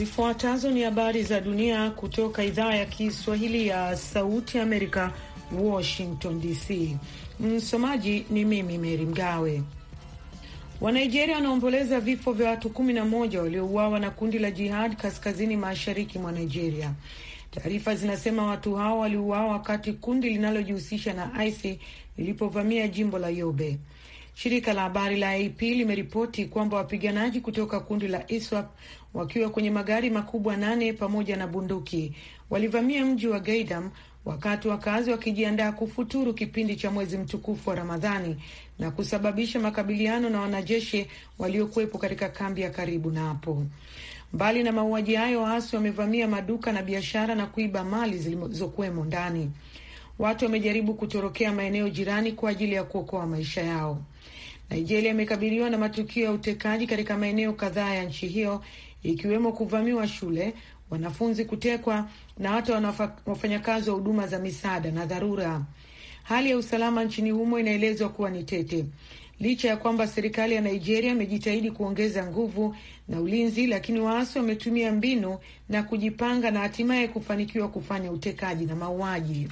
Zifuatazo ni habari za dunia kutoka idhaa ya Kiswahili ya Sauti Amerika, Washington DC. Msomaji ni mimi Meri Mgawe. Wanigeria wanaomboleza vifo vya watu kumi na moja waliouawa na kundi la jihad kaskazini mashariki mwa Nigeria. Taarifa zinasema watu hao waliuawa wakati kundi linalojihusisha na ISIS lilipovamia jimbo la Yobe. Shirika la habari la AP limeripoti kwamba wapiganaji kutoka kundi la ISWAP wakiwa kwenye magari makubwa nane pamoja na bunduki walivamia mji wa Gaidam wakati wakazi wakijiandaa kufuturu kipindi cha mwezi mtukufu wa Ramadhani na kusababisha makabiliano na wanajeshi waliokuwepo katika kambi ya karibu na hapo. Mbali na mauaji hayo, waasi wamevamia maduka na biashara na kuiba mali zilizokuwemo ndani. Watu wamejaribu kutorokea maeneo jirani kwa ajili ya kuokoa maisha yao. Nigeria imekabiliwa na matukio ya utekaji katika maeneo kadhaa ya nchi hiyo ikiwemo kuvamiwa shule, wanafunzi kutekwa na hata wafanyakazi wa huduma za misaada na dharura. Hali ya usalama nchini humo inaelezwa kuwa ni tete, licha ya kwamba serikali ya Nigeria imejitahidi kuongeza nguvu na ulinzi, lakini waasi wametumia mbinu na kujipanga na hatimaye kufanikiwa kufanya utekaji na mauaji.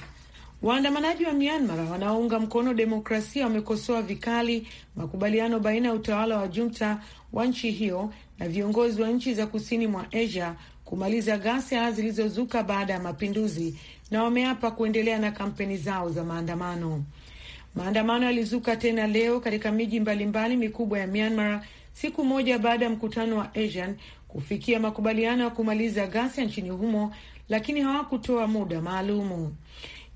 Waandamanaji wa Myanmar wanaounga mkono demokrasia wamekosoa vikali makubaliano baina ya utawala wa junta wa nchi hiyo na viongozi wa nchi za kusini mwa Asia kumaliza ghasia zilizozuka baada ya mapinduzi na wameapa kuendelea na kampeni zao za maandamano. Maandamano yalizuka tena leo katika miji mbalimbali mikubwa ya Myanmar siku moja baada ya mkutano wa ASEAN kufikia makubaliano ya kumaliza ghasia nchini humo, lakini hawakutoa muda maalumu.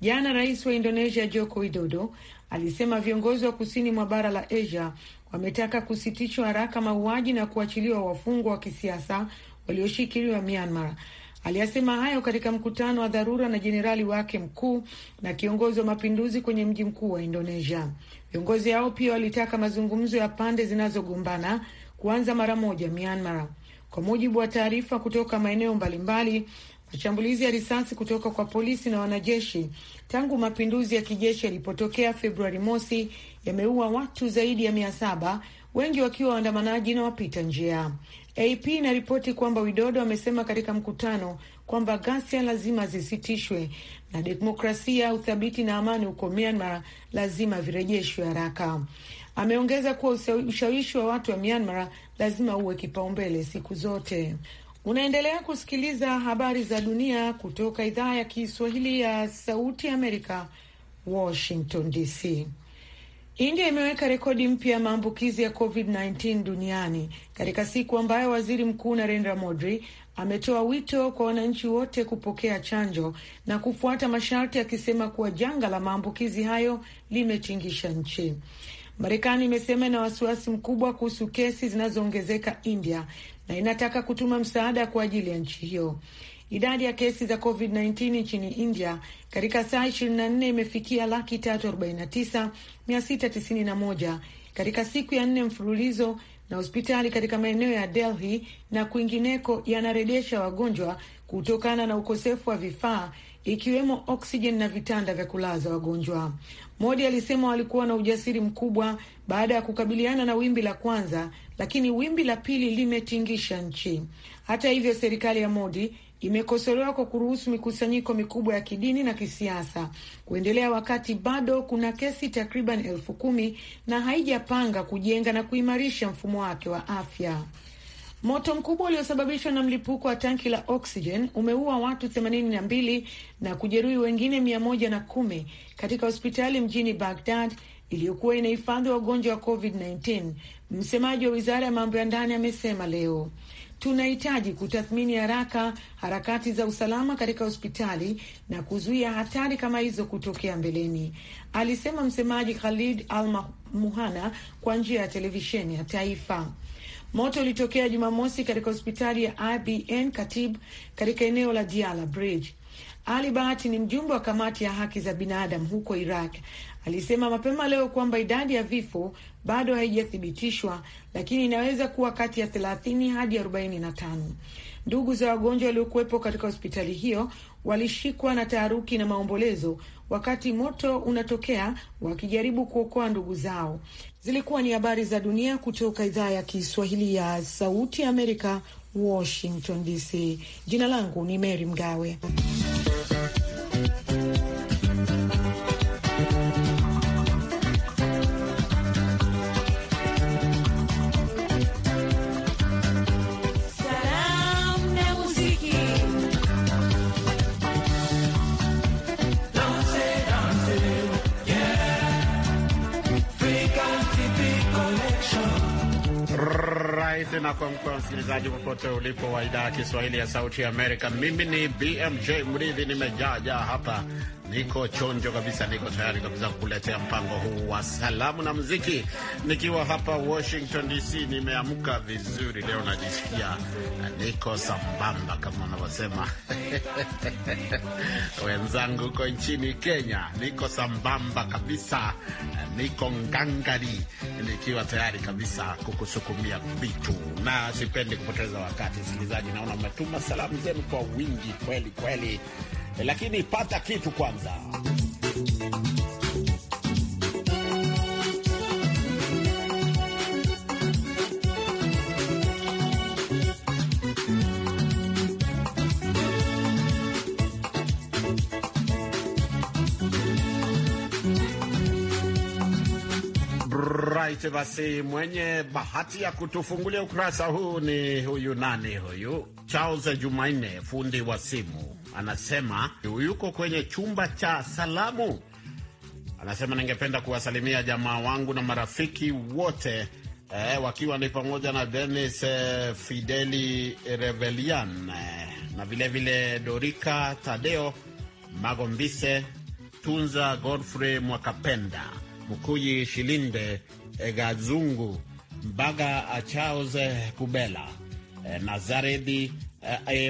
Jana rais wa Indonesia Joko Widodo alisema viongozi wa kusini mwa bara la Asia wametaka kusitishwa haraka mauaji na kuachiliwa wafungwa wa kisiasa walioshikiliwa Myanmar. Aliyasema hayo katika mkutano wa dharura na jenerali wake mkuu na kiongozi wa mapinduzi kwenye mji mkuu wa Indonesia. Viongozi hao pia walitaka mazungumzo ya pande zinazogombana kuanza mara moja Myanmar. Kwa mujibu wa taarifa kutoka maeneo mbalimbali, mashambulizi ya risasi kutoka kwa polisi na wanajeshi tangu mapinduzi ya kijeshi yalipotokea Februari mosi yameua watu zaidi ya mia saba, wengi wakiwa waandamanaji na wapita njia. AP inaripoti kwamba Widodo amesema katika mkutano kwamba ghasia lazima zisitishwe na demokrasia, uthabiti na amani huko Myanmar lazima virejeshwe haraka. Ameongeza kuwa ushawishi wa watu wa Myanmar lazima uwe kipaumbele siku zote. Unaendelea kusikiliza habari za dunia kutoka idhaa ya Kiswahili ya Sauti Amerika, Washington DC. India imeweka rekodi mpya ya maambukizi ya COVID-19 duniani katika siku ambayo waziri mkuu Narendra Modi ametoa wito kwa wananchi wote kupokea chanjo na kufuata masharti, akisema kuwa janga la maambukizi hayo limetingisha nchi. Marekani imesema ina wasiwasi mkubwa kuhusu kesi zinazoongezeka India na inataka kutuma msaada kwa ajili ya nchi hiyo. Idadi ya kesi za COVID-19 nchini India katika saa 24 imefikia laki 349,691 katika siku ya nne mfululizo, na hospitali katika maeneo ya Delhi na kwingineko yanarejesha wagonjwa kutokana na ukosefu wa vifaa ikiwemo oksijeni na vitanda vya kulaza wagonjwa. Modi alisema walikuwa na ujasiri mkubwa baada ya kukabiliana na wimbi la kwanza, lakini wimbi la pili limetingisha nchi. Hata hivyo, serikali ya Modi imekosolewa kwa kuruhusu mikusanyiko mikubwa ya kidini na kisiasa kuendelea wakati bado kuna kesi takriban elfu kumi na haijapanga kujenga na kuimarisha mfumo wake wa afya. Moto mkubwa uliosababishwa na mlipuko wa tanki la oksijen umeua watu 82 na kujeruhi wengine 110 katika hospitali mjini Bagdad iliyokuwa inahifadhi wagonjwa wa COVID-19, msemaji wa wizara ya mambo ya ndani amesema leo tunahitaji kutathmini haraka harakati za usalama katika hospitali na kuzuia hatari kama hizo kutokea mbeleni, alisema msemaji Khalid Al Muhana kwa njia ya televisheni ya taifa. Moto ulitokea Jumamosi katika hospitali ya IBN Katib katika eneo la Diala Bridge. Ali Bahati ni mjumbe wa kamati ya haki za binadamu huko Iraq alisema mapema leo kwamba idadi ya vifo bado haijathibitishwa, lakini inaweza kuwa kati ya 30 hadi 45. Ndugu za wagonjwa waliokuwepo katika hospitali hiyo walishikwa na taharuki na maombolezo wakati moto unatokea, wakijaribu kuokoa ndugu zao. Zilikuwa ni habari za dunia kutoka idhaa ya Kiswahili ya Sauti ya Amerika, Washington DC. Jina langu ni Mary Mgawe. tena kwa mkwa msikilizaji popote ulipo wa idhaa ya Kiswahili ya Sauti ya Amerika. Mimi ni BMJ Mridhi, nimejaajaa hapa niko chonjo kabisa, niko tayari kabisa kukuletea mpango huu wa salamu na muziki nikiwa hapa Washington DC. Nimeamka vizuri leo, najisikia niko sambamba kama wanavyosema wenzangu huko nchini Kenya. Niko sambamba kabisa, niko ngangari, nikiwa tayari kabisa kukusukumia vitu, na sipendi kupoteza wakati. Msikilizaji, naona umetuma salamu zenu kwa wingi kweli kweli. Eh, lakini pata kitu kwanza. Right, basi mwenye bahati ya kutufungulia ukurasa huu ni huyu nani? Huyu Charles Jumanne, fundi wa simu anasema yuko kwenye chumba cha salamu. Anasema ningependa kuwasalimia jamaa wangu na marafiki wote eh, wakiwa ni pamoja na Denis eh, Fideli Revelian eh, na vilevile vile Dorika Tadeo Magombise Tunza Godfrey Mwakapenda Mkuyi Shilinde eh, Gazungu Mbaga eh, Charles eh, Kubela Nazaredi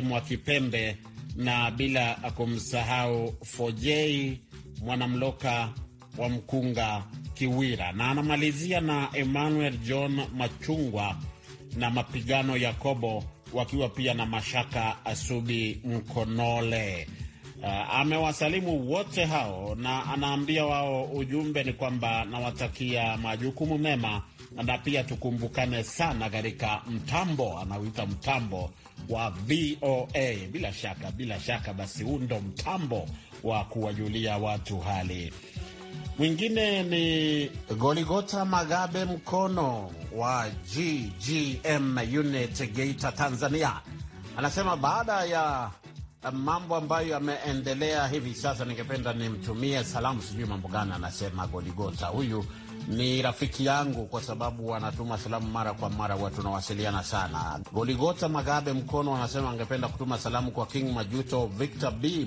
Mwakipembe na bila kumsahau Fojei Mwanamloka wa Mkunga Kiwira, na anamalizia na Emmanuel John Machungwa na Mapigano Yakobo wakiwa pia na Mashaka Asubi Mkonole. Uh, amewasalimu wote hao na anaambia wao ujumbe ni kwamba nawatakia majukumu mema na pia tukumbukane sana katika mtambo anaoita mtambo wa VOA. Bila shaka, bila shaka, basi huu ndo mtambo wa kuwajulia watu hali. Mwingine ni Goligota Magabe Mkono wa GGM unit Geita, Tanzania, anasema baada ya mambo ambayo yameendelea hivi sasa, ningependa nimtumie salamu. Sijui mambo gani anasema Goligota huyu ni rafiki yangu kwa sababu wanatuma salamu mara kwa mara, huwa tunawasiliana sana. Goligota Magabe Mkono anasema angependa kutuma salamu kwa King Majuto, Victor B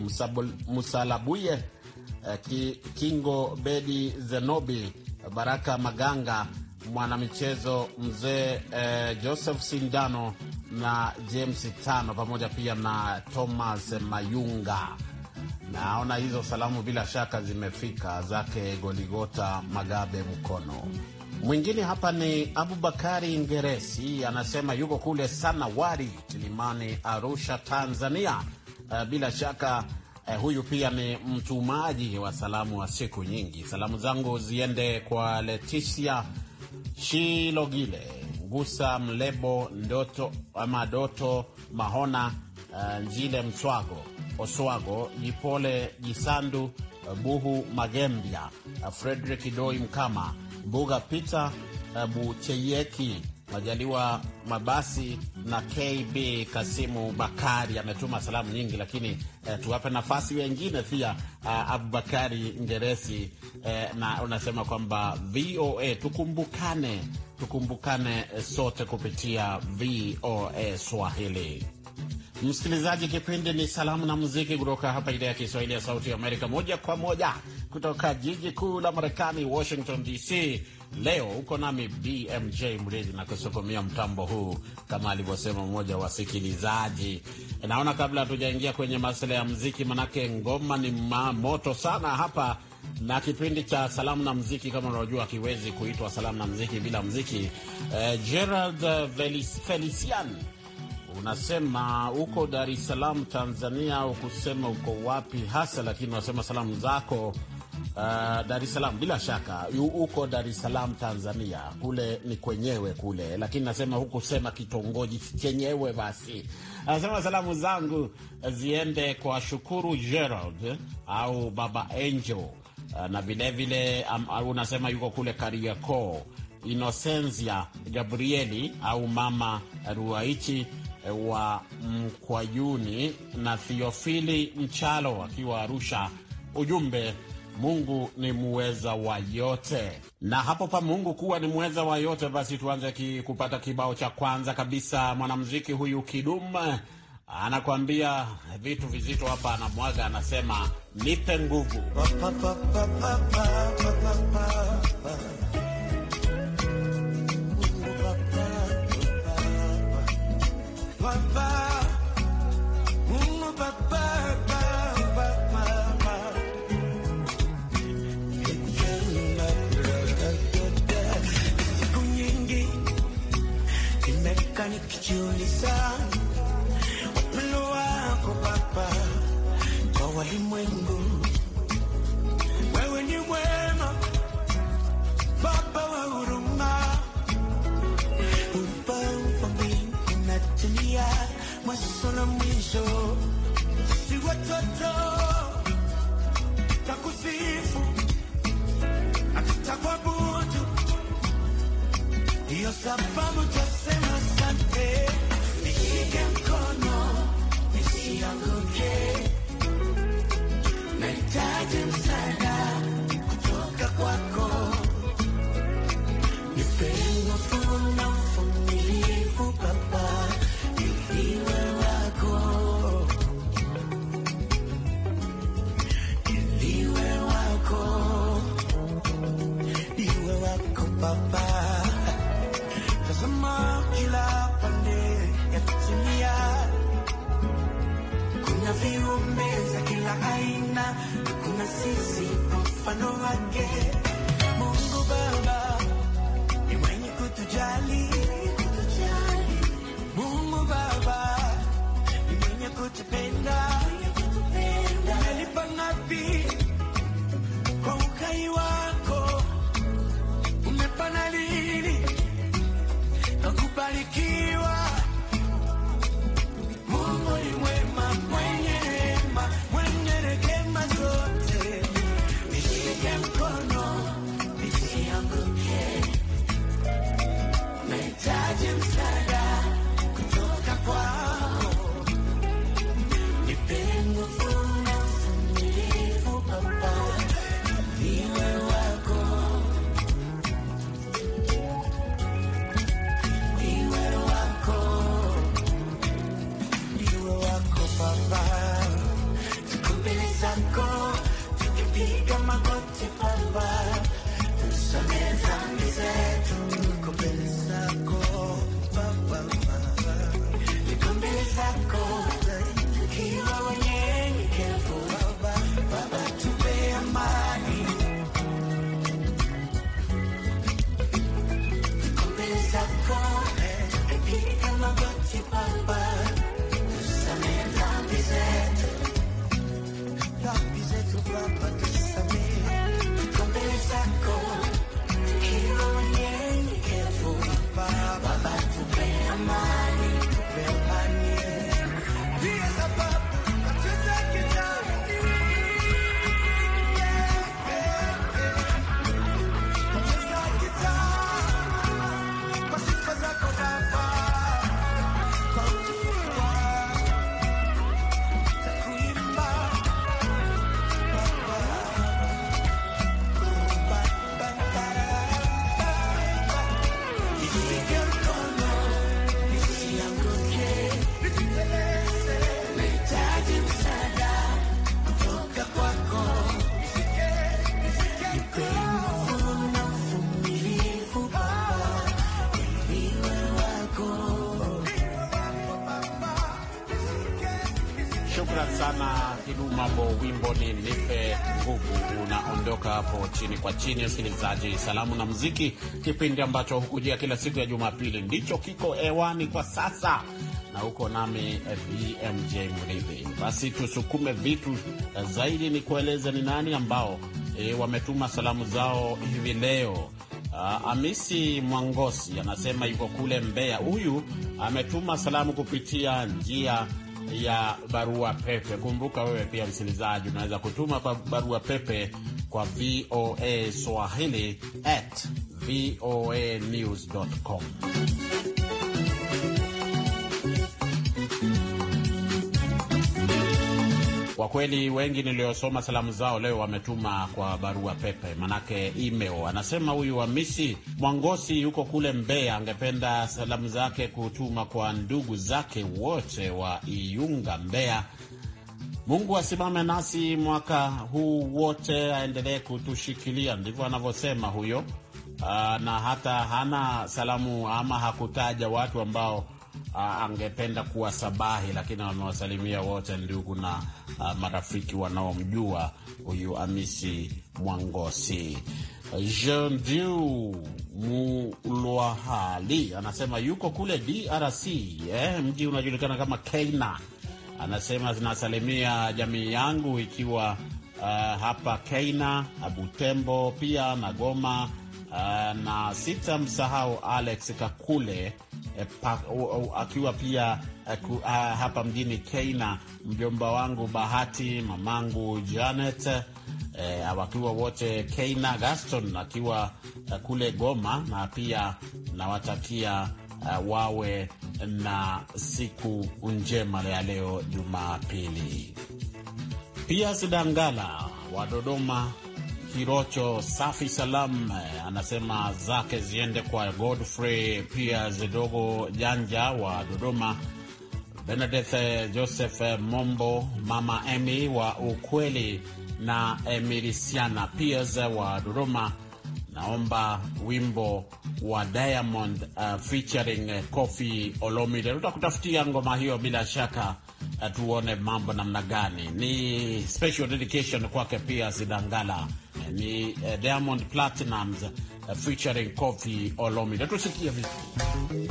Musalabuye, eh, Kingo Bedi, Zenobi Baraka Maganga, mwanamichezo mzee eh, Joseph Sindano na James Tano, pamoja pia na Thomas Mayunga. Naona hizo salamu bila shaka zimefika zake Goligota Magabe Mkono. Mwingine hapa ni Abubakari Ngeresi, anasema yuko kule sana wari Kilimani, Arusha, Tanzania. Eh, bila shaka eh, huyu pia ni mtumaji wa salamu wa siku nyingi. Salamu zangu ziende kwa Leticia Shilogile Ngusa Mlebo Ndoto Madoto Mahona, uh, Njile Mswago Oswago, Jipole Jisandu, Buhu Magembya, Frederick Doi Mkama, Mbuga Peter Bucheyeki, Majaliwa Mabasi na KB Kasimu Bakari ametuma salamu nyingi, lakini eh, tuwape nafasi wengine pia. Uh, Abubakari Ngeresi eh, na unasema kwamba VOA tukumbukane, tukumbukane eh, sote kupitia VOA Swahili. Msikilizaji, kipindi ni salamu na muziki kutoka hapa idhaa ya Kiswahili ya Sauti ya Amerika, moja kwa moja kutoka jiji kuu la Marekani, Washington DC. Leo uko nami BMJ Mridhi na kusukumia mtambo huu kama alivyosema mmoja wa wasikilizaji. Naona kabla hatujaingia kwenye masuala ya muziki, manake ngoma ni moto sana hapa na kipindi cha salamu na mziki kama unaojua akiwezi kuitwa salamu na mziki bila mziki. Eh, Gerald Felician unasema uko Dar es Salaam Tanzania, au kusema uko wapi hasa, lakini unasema salamu zako Uh, Dar es Salaam bila shaka uko Dar es Salaam Tanzania, kule ni kwenyewe kule, lakini nasema hukusema kitongoji chenyewe. Basi anasema salamu zangu ziende kwa Shukuru Gerald eh, au Baba Angel, uh, na vilevile um, unasema yuko kule Kariakoo, Inosenzia Gabrieli au Mama Ruaichi wa Mkwajuni na Thiofili Mchalo akiwa Arusha. Ujumbe, Mungu ni muweza wa yote. Na hapo pa Mungu kuwa ni muweza wa yote, basi tuanze ki kupata kibao cha kwanza kabisa. Mwanamuziki huyu Kidum anakuambia vitu vizito hapa, anamwaga, anasema nipe nguvu bye bye. baba tazama kila pande ya kutimia, kuna viumbe za kila aina, kuna sisi mfano wake. Mungu Baba ni mwenye kutujali my chini, msikilizaji. Salamu na muziki, kipindi ambacho hukujia kila siku ya Jumapili, ndicho kiko hewani kwa sasa, na huko nami BMJ Mridhi. Basi tusukume vitu eh, zaidi, ni kueleza ni nani ambao e, wametuma salamu zao hivi leo. Uh, ah, Amisi Mwangosi anasema yuko kule Mbeya. Huyu ametuma salamu kupitia njia ya barua pepe. Kumbuka wewe pia msikilizaji, unaweza kutuma barua pepe kwa VOA Swahili at voa news com. Kwa kweli wengi niliosoma salamu zao leo wametuma kwa barua pepe, manake email. Anasema huyu Hamisi Mwangosi yuko kule Mbeya, angependa salamu zake kutuma kwa ndugu zake wote wa Iyunga, Mbeya Mungu asimame nasi mwaka huu wote, aendelee kutushikilia, ndivyo anavyosema huyo. Aa, ah, na hata hana salamu ama hakutaja watu ambao aa, ah, angependa sabahi lakini amewasalimia wote ndugu na aa, ah, marafiki wanaomjua huyu amisi Mwangosi. Jean Dieu Mulwahali anasema yuko kule DRC, eh, mji unajulikana kama Keina anasema zinasalimia jamii yangu ikiwa uh, hapa Keina, Butembo pia na Goma uh, na sitamsahau Alex Kakule eh, akiwa pia uh, uh, hapa mjini Keina, mjomba wangu Bahati, mamangu Janet eh, wakiwa wote Keina, Gaston akiwa uh, kule Goma na pia nawatakia uh, wawe na siku njema ya leo Jumapili. pia Sidangala wa Dodoma Kirocho, safi salam, eh, anasema zake ziende kwa Godfrey pia zidogo Janja wa Dodoma, Benedeth eh, Joseph Mombo, Mama Emi wa Ukweli na Emilisiana pies wa Dodoma naomba wimbo wa Diamond uh, featuring uh, Koffi Olomide. Tutakutafutia ngoma hiyo bila shaka, uh, tuone mambo namna gani. Ni special dedication kwake pia Zidangala, Uh, ni uh, Diamond Platinums uh, featuring Kofi Olomide. Tusikie vizuri.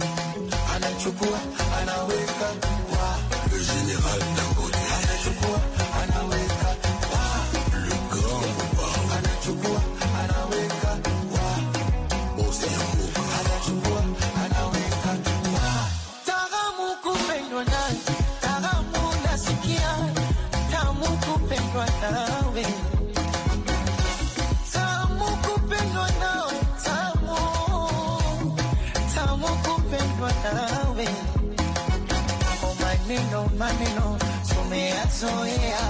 Anachukua anaweka kwa General maneno tumeyazoea,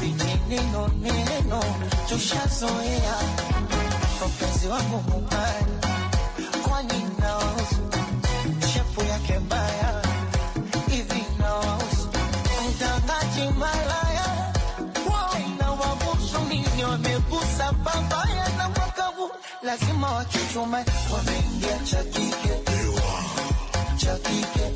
vijineno neno tushazoea. Mpenzi wangu mubaya, kwani naosu shepu yake mbaya hivi, naosu mtangaji malaya, wawe na wabusu nini, wamegusa babaya na makavu, lazima wachuchumae, wameingia cha kike cha kike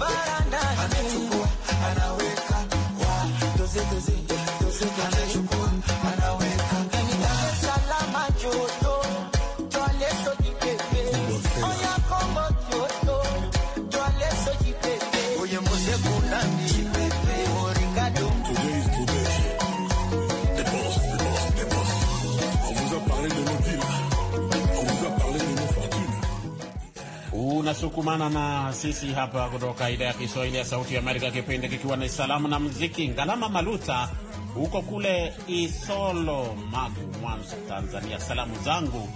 but I Unasukumana na sisi hapa kutoka idhaa ya Kiswahili ya Sauti ya Amerika, kipindi kikiwa ni salamu na muziki. Ngalama Maluta huko kule Isolo, Magu, Mwanza, Tanzania, salamu zangu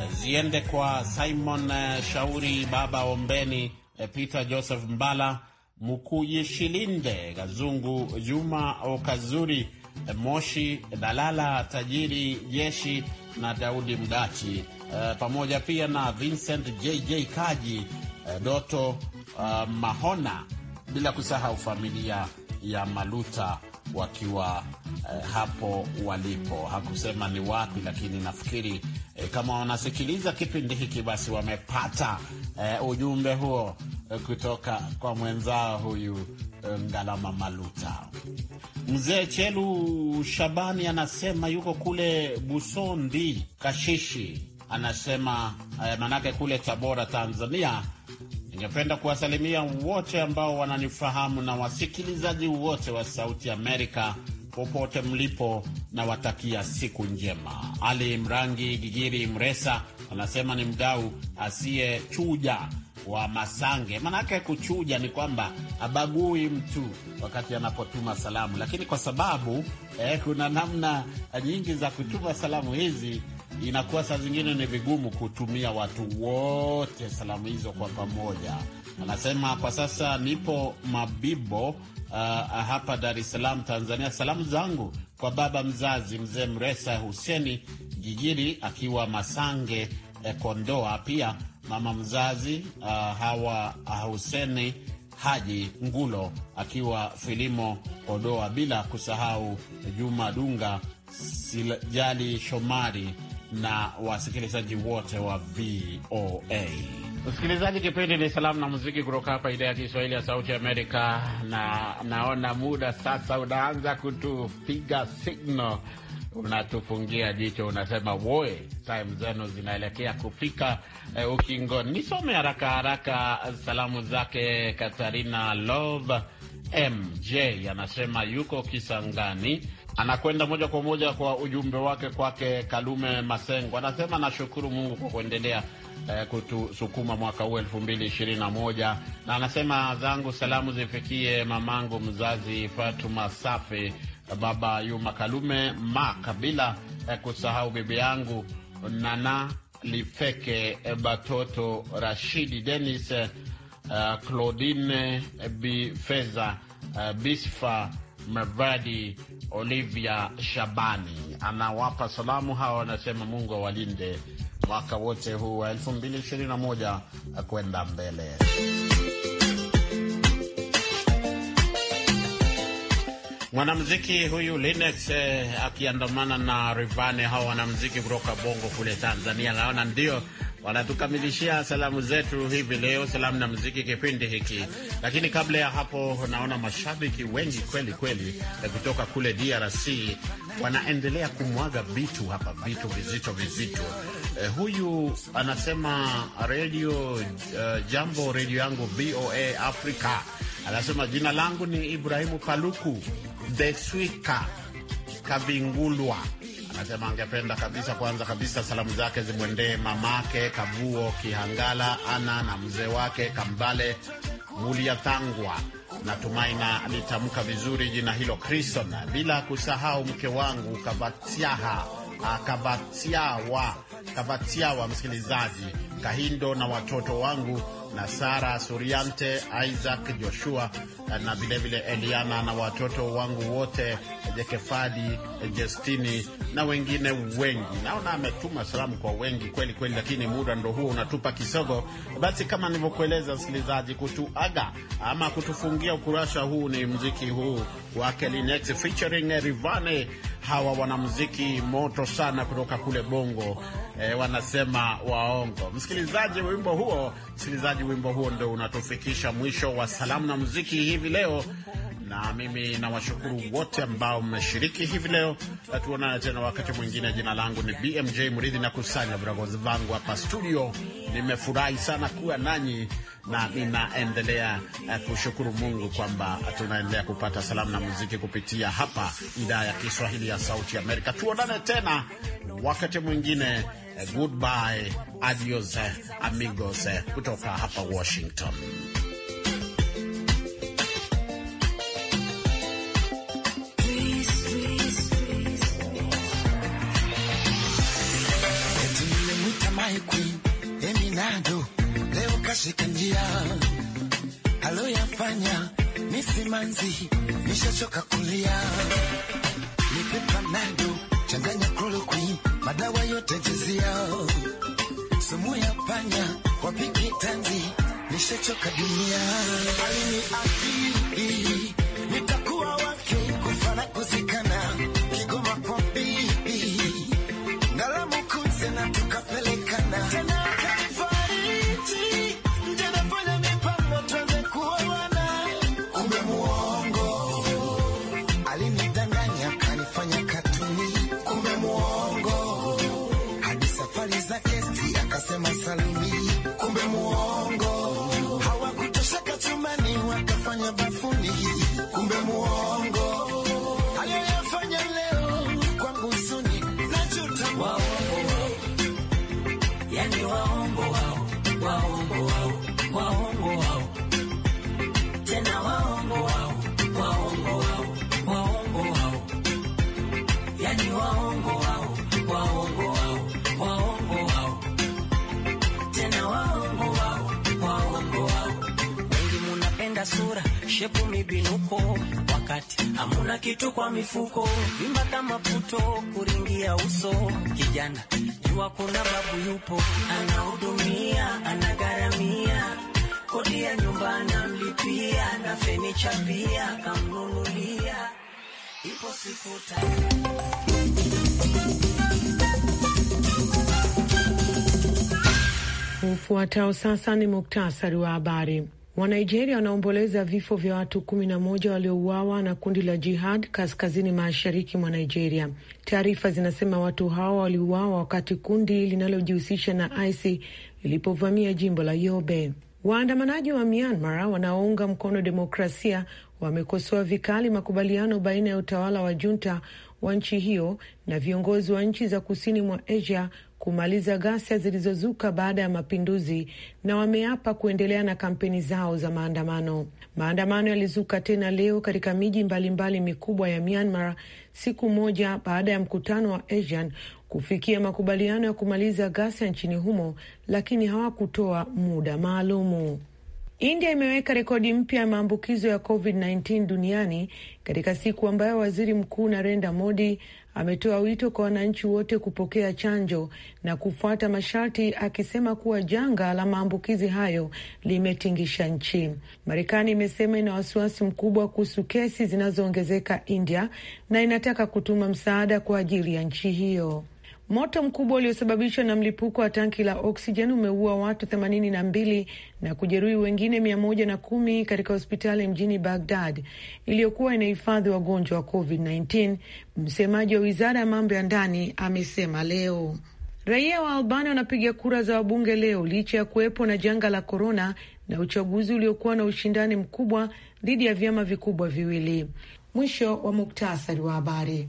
eh, ziende kwa Simon eh, Shauri, Baba Ombeni, eh, Peter Joseph Mbala, Mukuyishilinde Kazungu, Juma Okazuri Eh, Moshi, Dalala Tajiri, Jeshi na Daudi Mdachi, uh, pamoja pia na Vincent JJ Kaji, uh, Doto uh, Mahona, bila kusahau familia ya Maluta wakiwa eh, hapo walipo. Hakusema ni wapi, lakini nafikiri eh, kama wanasikiliza kipindi hiki basi wamepata eh, ujumbe huo eh, kutoka kwa mwenzao huyu eh, Ngalama Maluta. Mzee Chelu Shabani anasema yuko kule Busondi Kashishi, anasema eh, manake kule Tabora, Tanzania Ningependa kuwasalimia wote ambao wananifahamu na wasikilizaji wote wa Sauti Amerika popote mlipo, na watakia siku njema. Ali Mrangi Gigiri Mresa anasema ni mdau asiyechuja wa Masange. Manake kuchuja ni kwamba abagui mtu wakati anapotuma salamu, lakini kwa sababu eh, kuna namna nyingi za kutuma salamu hizi inakuwa saa zingine ni vigumu kutumia watu wote salamu hizo kwa pamoja. Anasema kwa sasa nipo Mabibo, uh, hapa Dar es Salaam, Tanzania. Salamu zangu kwa baba mzazi mzee Mresa Huseni Jijiri akiwa Masange, eh, Kondoa, pia mama mzazi uh, Hawa uh, Huseni Haji Ngulo akiwa Filimo Kondoa, bila kusahau Juma Dunga Sijali Shomari na wasikilizaji wote wa VOA. Msikilizaji, kipindi ni salamu na muziki kutoka hapa idhaa ya Kiswahili ya Sauti Amerika, na naona muda sasa unaanza kutupiga signal, unatufungia jicho, unasema woe, time zenu zinaelekea kufika e, ukingoni. Nisome haraka haraka salamu zake Katarina Love MJ, anasema yuko Kisangani Anakwenda moja kwa moja kwa ujumbe wake kwake Kalume Masengo, anasema nashukuru Mungu kwa kuendelea eh, kutusukuma mwaka huu elfu mbili ishirini na moja, na anasema zangu salamu zifikie mamangu mzazi Fatuma Safi, baba Yuma Kalume ma Kabila, eh, kusahau bibi yangu Nana Lifeke, eh, Batoto Rashidi, Denis, eh, Claudine Bifeza, eh, Bisfa Mavadi Olivia Shabani anawapa salamu hawa, anasema Mungu awalinde mwaka wote huu wa 2021 kwenda mbele. Mwanamziki huyu Linux eh, akiandamana na Rivane, hawa wanamziki kutoka Bongo kule Tanzania, naona ndio wanatukamilishia salamu zetu hivi leo, salamu na muziki, kipindi hiki. Lakini kabla ya hapo, naona mashabiki wengi kweli kweli eh, kutoka kule DRC wanaendelea kumwaga vitu hapa, vitu vizito vizito. Eh, huyu anasema redio uh, eh, jambo redio yangu VOA Africa, anasema jina langu ni Ibrahimu Paluku Deswika Kavingulwa Anasema angependa kabisa, kwanza kabisa, salamu zake zimwendee mamake Kavuo Kihangala, Ana na mzee wake Kambale Muliathangwa. Natumaina alitamka vizuri jina hilo Kriston, bila kusahau mke wangu Kabatiaha ah, Kabatiawa Kabatiawa, msikilizaji Kahindo na watoto wangu na Sara Suriante, Isaac Joshua na vilevile Eliana na watoto wangu wote Jekefadi, Jestini na wengine wengi. Naona ametuma salamu kwa wengi kweli kweli, lakini muda ndo huo unatupa kisogo. Basi kama nilivyokueleza, msikilizaji, kutuaga ama kutufungia ukurasa huu ni mziki huu wake Linex featuring Rivane hawa wanamuziki moto sana kutoka kule Bongo e, wanasema waongo. Msikilizaji, wimbo huo msikilizaji, wimbo huo ndio unatufikisha mwisho wa salamu na muziki hivi leo, na mimi nawashukuru wote ambao mmeshiriki hivi leo. Tuonane tena wakati mwingine. Jina langu ni BMJ Mridhi na kusanya viragozi vangu hapa studio. Nimefurahi sana kuwa nanyi na ninaendelea eh, kushukuru Mungu kwamba tunaendelea kupata salamu na muziki kupitia hapa idhaa ya Kiswahili ya Sauti Amerika. Tuonane tena wakati mwingine. Goodbye, adios amigos, eh, kutoka hapa Washington. bado leo kashika njia aloyafanya ni simanzi, nishachoka kulia. Nipe panado, changanya klorokwini, madawa yote jizia, sumu ya panya wapike tanzi, nishachoka dunia. Aliniahidi nitakuwa wake kufana kuzika shepu mibinuko, wakati hamuna kitu kwa mifuko, vimba kama puto, kuringia uso, kijana jua kuna babu yupo, anahudumia, anagharamia, kodi ya nyumba anamlipia, na fenicha pia kamnunulia, ipo siku Ufuatao sasa ni muktasari wa habari. Wanigeria wanaomboleza vifo vya watu kumi na moja waliouawa na kundi la jihad kaskazini mashariki mwa Nigeria. Taarifa zinasema watu hao waliuawa wakati kundi linalojihusisha na ISI lilipovamia jimbo la Yobe. Waandamanaji wa Myanmar wanaounga mkono demokrasia wamekosoa vikali makubaliano baina ya utawala wa junta wa nchi hiyo na viongozi wa nchi za kusini mwa Asia kumaliza ghasia zilizozuka baada ya mapinduzi na wameapa kuendelea na kampeni zao za maandamano. Maandamano yalizuka tena leo katika miji mbalimbali mikubwa ya Myanmar siku moja baada ya mkutano wa ASEAN kufikia makubaliano ya kumaliza ghasia nchini humo, lakini hawakutoa muda maalumu. India imeweka rekodi mpya ya maambukizo ya COVID-19 duniani katika siku ambayo waziri mkuu Narendra Modi ametoa wito kwa wananchi wote kupokea chanjo na kufuata masharti, akisema kuwa janga la maambukizi hayo limetingisha nchi. Marekani imesema ina wasiwasi mkubwa kuhusu kesi zinazoongezeka India na inataka kutuma msaada kwa ajili ya nchi hiyo. Moto mkubwa uliosababishwa na mlipuko wa tanki la oksijen umeua watu themanini na mbili na kujeruhi wengine mia moja na kumi katika hospitali mjini Bagdad iliyokuwa inahifadhi wagonjwa wa COVID-19. Msemaji wa wizara ya mambo ya ndani amesema leo. Raia wa Albania wanapiga kura za wabunge leo licha ya kuwepo na janga la korona na uchaguzi uliokuwa na ushindani mkubwa dhidi ya vyama vikubwa viwili. Mwisho wa muktasari wa habari.